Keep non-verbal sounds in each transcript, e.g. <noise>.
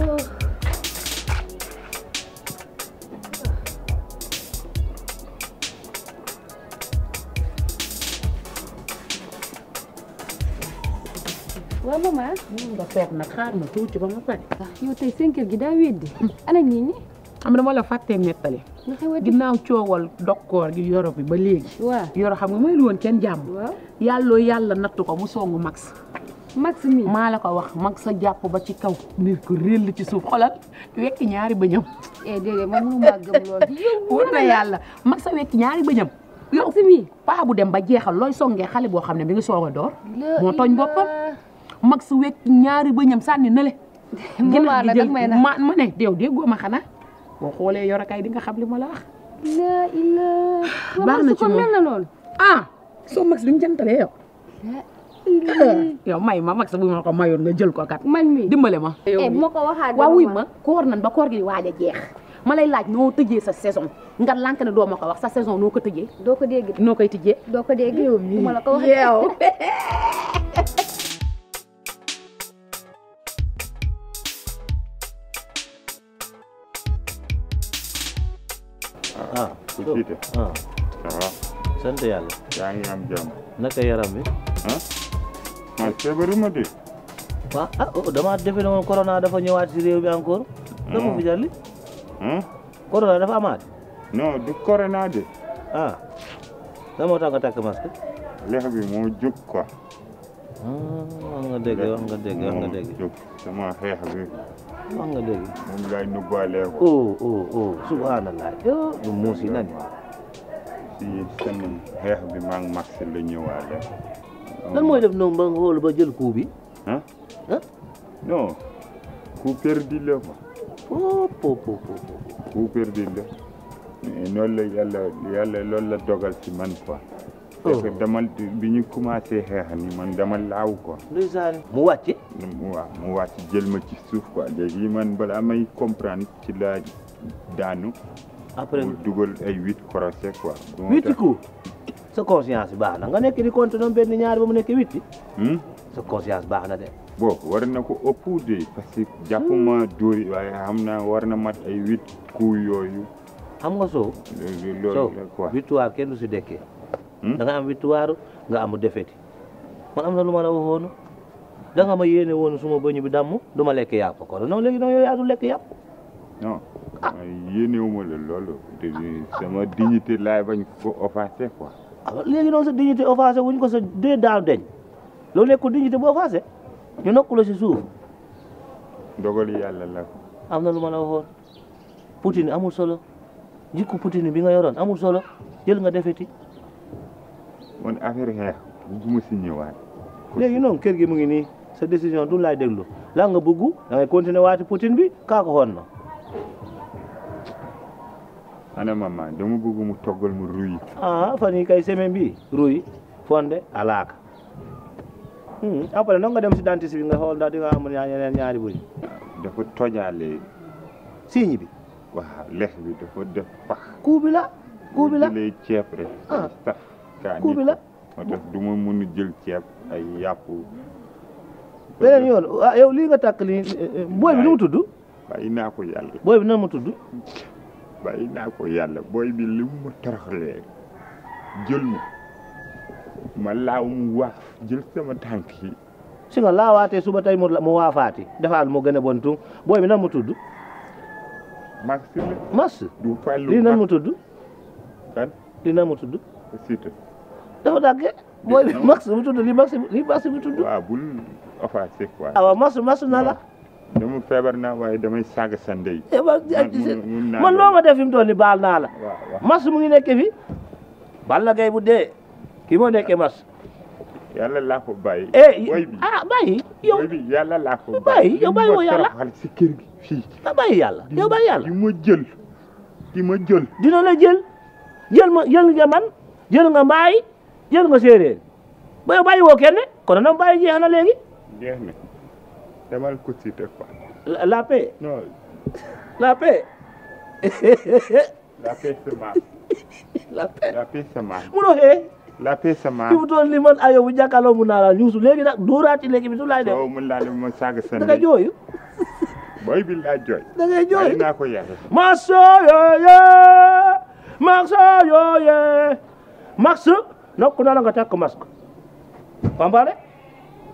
Uh. mama, maman. nga toog nag xaar ma tuuti ba ma pare. ah yow tey seen kër gi daa weddi. ana nit ñi. xam dama la fàttee nettali. ginnaaw coowal dokkoor gi yoro bi ba léegi. yoro xam nga kenn nattu ko mu songu max. max mi maa la ko wax max sa jàpp ba ci kaw. nit ko réel ci suuf xolal wekki ñaari bëñam. eh déedéet man mënu maa gëm loolu. <laughs> wër na yàlla max sa wekki ñaari bëñam. yow mi paa bu dem ba jeexal looy songee xale boo xam ne mi ngi soog a door. moo tooñ boppam. max sa wekki ñaari bëñam sànni na le. <laughs> ginaaw gi jël ma ma ne déew déggoo ma xanaa. boo xoolee yorakaay di nga xam li ma la wax. la illa. baax na ci moom mel na noonu. ah soo max bi mu jantalee yow. <coughs> yow may ma mag sa bu ma ko mayoon nga jël ko kat. man mi dimbale ma. yow eh, ma ko waxaat waaw wuy ma waaj a jeex. ma lay laaj noo tëjee sa saison nga lànk ne doo ma ko wax sa saison noo ko tëjee. doo ko dégg noo koy tëjee. doo ko dégg yow mii ma la ko wax yow. Ah, ah ku jiite. Ah, ah. yaram bi. man feebaruma de. ah ah damaa defe ne moom corona dafa ñëwaat si réew mi encore. lan hmm. moo fi jar li. Hmm? corona amaat. non du corona de. ah lan moo tax nga takk masque. lex bi moo jóg quoi. Ah, wax nga dégg wax nga dégg wax nga dégg. jóg sama xeex bi. ko. oh oh, oh si seen xeex bi maa ngi masque la ñëwaale. Oh. lan mooy def noonu ba nga xool ba jël coup bi. ah non coup perdu la quoi. po po po coup perdu la. noonu la yàlla yàlla loolu la dogal ci man quoi. parce que oh. bi ñu commencé xeex ni man dama laaw quoi. mu wàcc. waaw mu wàcc jël ma ci suuf quoi léegi man balaa may comprendre ci laa daanu. après mu dugal ay huit crochet quoi. huit coups sa conscience baax na nga nekk di compte noonu benn ñaari ba mu nekk witti. Hmm? sa conscience baax na de. bon war na ko ëpp parce que jàppuma hmm. dóori waaye xam war na mat ay huit coups yooyu. xam nga soo. kenn du si dekkee. Hmm? da nga am victoire nga am défaite man am na lu ma la waxoon da nga ma yéene woon suma ba bi damm lu ma lekk yàpp ko non léegi non yow yaa lekk yàpp. non ah. yéene wu ma la sama dignité laay bañ ko offensé quoi. Ah, léegi noonu sa dignité offensé wuñ ko sa deux daaw deñ loolu nekkul dignité bu offensé ñu nokku si suuf. dogal yàlla la. am na lu ma la waxoon Poutine amul solo jikko Poutine bi nga yoroon amul solo jël nga defeti man affaire xeex bu ma si ñëwaat. léegi noonu kër gi mu ngi nii sa décision du laay déglu la nga bëgg da ngay continuer waati Poutine bi kaa ko xoon na. ana maman dama bëgg mu toggal mu ruy. ah fan yii kay semaine bi ruy fonde alaaka. Hmm, après nag nga dem si dentiste bi nga xool ndax di nga am ñaari ñaari bëri. dafa tojaale. signe ceeb rek. ah kuu bi yoon ah, yow lii nga tàkk lii eh, eh, bi nu mu tudd. waaye bàyyi naa ko yàlla booy bi li mu ma toroxalee jël ma ma laaw mu waaf jël sama tànk yi si nga laawaatee suba tey mu waafaati defaat mu gën a bon tu booy bi nan mu tudd max la max du nan mu tudd kan lii tudd site dafa dàggee booy bi max mu tudd li max lii mu tudd waaw bul offensé quoi awa max max na dama feebar naa waaye damay saaga sa ndey. Eh, man loo fi mu toll nii baal naa la. mas mu ngi nekkee fi. Balla Gaye bu dee kii moo nekkee mas. yàlla laa ko bàyyi. Eh, booy bi ah bàyyi yow booy yàlla laa ko bàyyi yow bàyyi woo ah, yow bàyyi yàlla. di ma jël di ma jël. dina la jël jël ma jël nga man jël nga mbaay jël nga séeréer ba yow bàyyi woo kenn kon nag bàyyi jeex na léegi. Ẹ máa La, kó ti tẹ pa. Lápè. La Lápè sè máa. Lápè. Lápè La máa. Mu no hee. Lápè La máa. Fi mu toll nii man ayoo bu jàkkaarloo mu naa la ñuusu léegi nag dóoraati léegi bi su laay def. Soo mun laa ne ma saaga sa ndey. jooyu. Boy bi la jooy. Da ngay jooy. Naa ko yàlla. Ma sooyooye. Ya, ya. Ma sooyooye. Ya, Max. Nokku naa la nga takk masque. Pambare.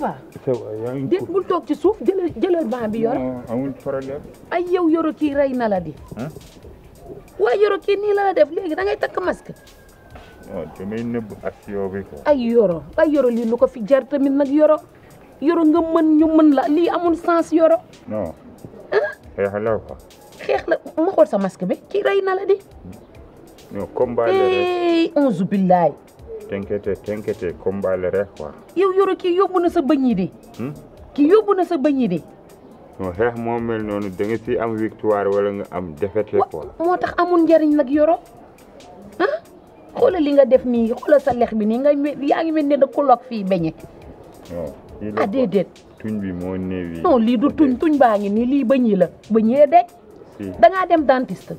va. déet bul toog ci suuf jëlal jëlal ban bi yor. amul problème. ay yow yoro kii rey na la di. waaye yoro kii nii la def léegi da takk masque. non ay yoro yoro lii lu ko fi jar tamit nag yoro yoro nga mën la lii amul sens yoro. non. xeex la ma xool sa masque bi kii ray na di. onze billaay tenkete tenkete kombaale rek quoi. yow yoro kii yóbbu na sa bëñ yi de. Hmm? kii yóbbu na sa bëñ yi xeex moo mel noonu da nga si am victoire wala nga am défaite quoi. moo tax amul njariñ nag yoro ah xoolal li nga def nii xoolal sa lex bi nii nga yaa ngi ne da ko lok fii beñe. ah déedéet. tuñ bi moo néew non lii du tuñ tuñ baa ngi nii lii bëñ yi la bëñ yee de. da dem dentiste.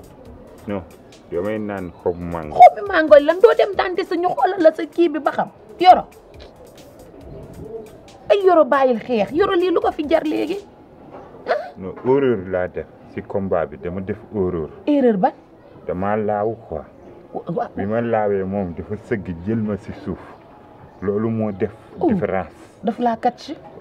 yow may naan xobu mango. xobu mango lan doo dem dentiste ñu xoolal la sa kii bi yoro ay yoro bàyyil xeex yoro lii lu fi jar léegi. Ah? non erreur laa def si combat bi dama def erreur. erreur ba. dama laaw quoi. bi ma laawee moom dafa sëgg jël ma si suuf loolu moo def. Oh. différence daf laa kat si.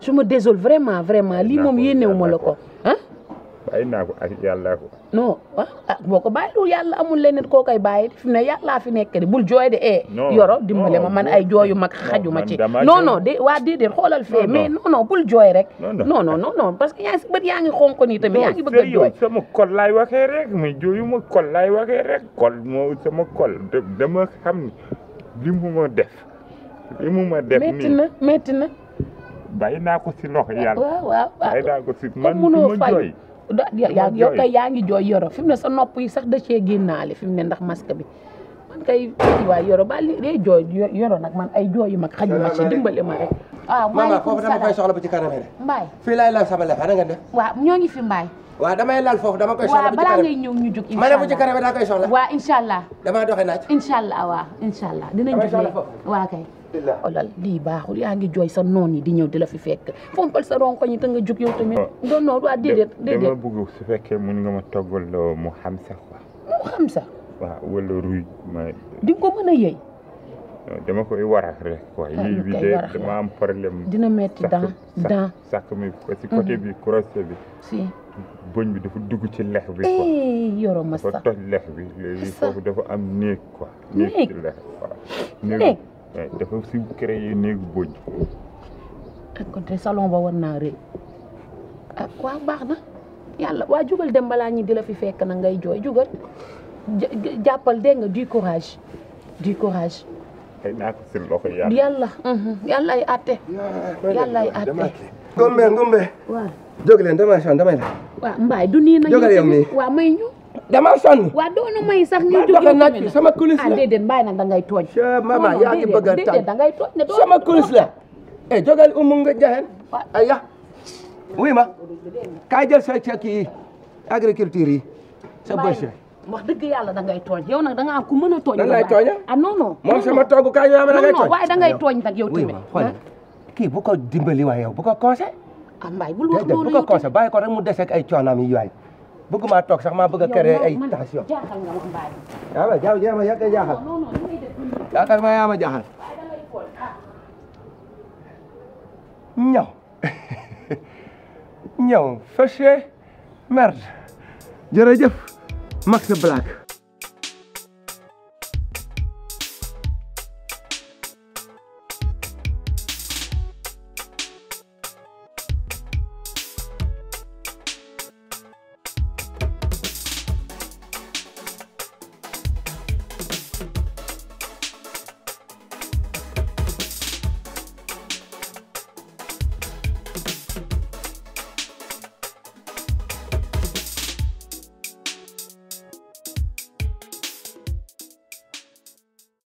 su me désole vraiment vraiment lii moom yéenewuma la ko ah. bàyyi naa ko ak yàlla ko. non boo ah, ah, ko bàyyiwul yàlla amul leneen koo koy bàyyi fi mu ne yàllaa fi nekke di bul jooy de eh. yoro dimbale ma man ay jooyu mag xaju ma ci. non non de waa déedéet xoolal fee. mais non non bul jooy rek. non non parce que yaa ngi bët yaa ngi xonk nii tamit yaa ngi bëgg a jooy. sama kol laay wa rek mais ma kol laay waxee rek. kol moo sama kol dama xam ni li mu ma def. li ma def nii métti na métti na. bàyyi naa ko si loxo yàlla. waaw waaw bàyyi naa ko yaa yow kay yaa ngi jooy yoro fi mu ne sa nopp yi sax da cee génnaale fi mu ne ndax masque bi man kay waay yoro ba li day jooy yoro nag man ay jooy yu mag xajuma ci dimbali ma rek waaw ah, maama foofu dama koy soxla bu ci kanamee de mbaay fii laay laal sama lefe na nga def waaw fi mbaay waaw damay laal foofu dama koy soxla bu ci kanam waaw balaa ngay ñëw ñu jug ma ne bu ci kanamee daa koy soxla waaw incha allah damaa doxee naaj incha allah waaw incha allah dinañ jug waaw xoolal lii baaxul yaa ngi jooy sa noon yi di ñëw di la fi fekk fonkal sa ronko ñi te nga jug yow tamit doon ah. noonu waa ah, déedéet déedéet dama bëgg su fekkee mun nga ma toggal mu xam sax quoi mu xam sax waaw wala ruuj ma ko mën a yëy dama koy warax rek quoi ah, yii bi de dama am problème daan daan sàkk mi si côté mm-hmm. bi crochet bi si bëñ bi dafa dugg ci lex bi quoi eh, yoro ma sax dafa bi léegi foofu dafa am néeg quoi néeg ci lex waaw néeg Eh, dafa si créé néegu bojj. ak eh, kon te salon ba war naa rëy ak ah, na yàlla waa jugal dem balaa ñi di la fi fekk na ngay jooy jugal jàppal dégg nga du courage du courage. ay eh, naa ko si loxo yàlla mhm. mbaay du nii nag. jógal may ñu. dama sonn. waaw doon may sax ñu jógee sama coulisse la ah déedéet da ngay tooñ. maman yaa ngi bëgg a tànn da ngay tooñ sama coulisse la. eh jógal nga jaxel ay ya wuy ma kaay jël sa ceeb yi agriculture yi sa bës. wax dëgg yàlla da ngay tooñ yow nag da nga am mën a tooñ. da ngay tooñ ah non non. moom sama toogu kaay yoo xam ne da ngay tooñ. non non waaye da ngay tooñ kii bu ko dimbali waaye yow bu ko conseil. ah mbaay bul wax loolu yow bu ko ko rek mu dese ak ay coonaam yi yaay buguma tok sax ma bëgg a créer ay tension yaa ma jaaxal yaa ma yaa koy jaaxal yaakaar ma yaa ma jaaxal ñaw ñaw fashé merde jërëjëf Max Black